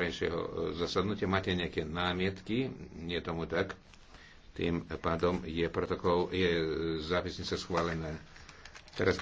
včerajšieho eh, zasadnutia. Máte nejaké námietky? Nie tomu tak. Tým pádom je protokol, je eh, zápisnica schválená. Teraz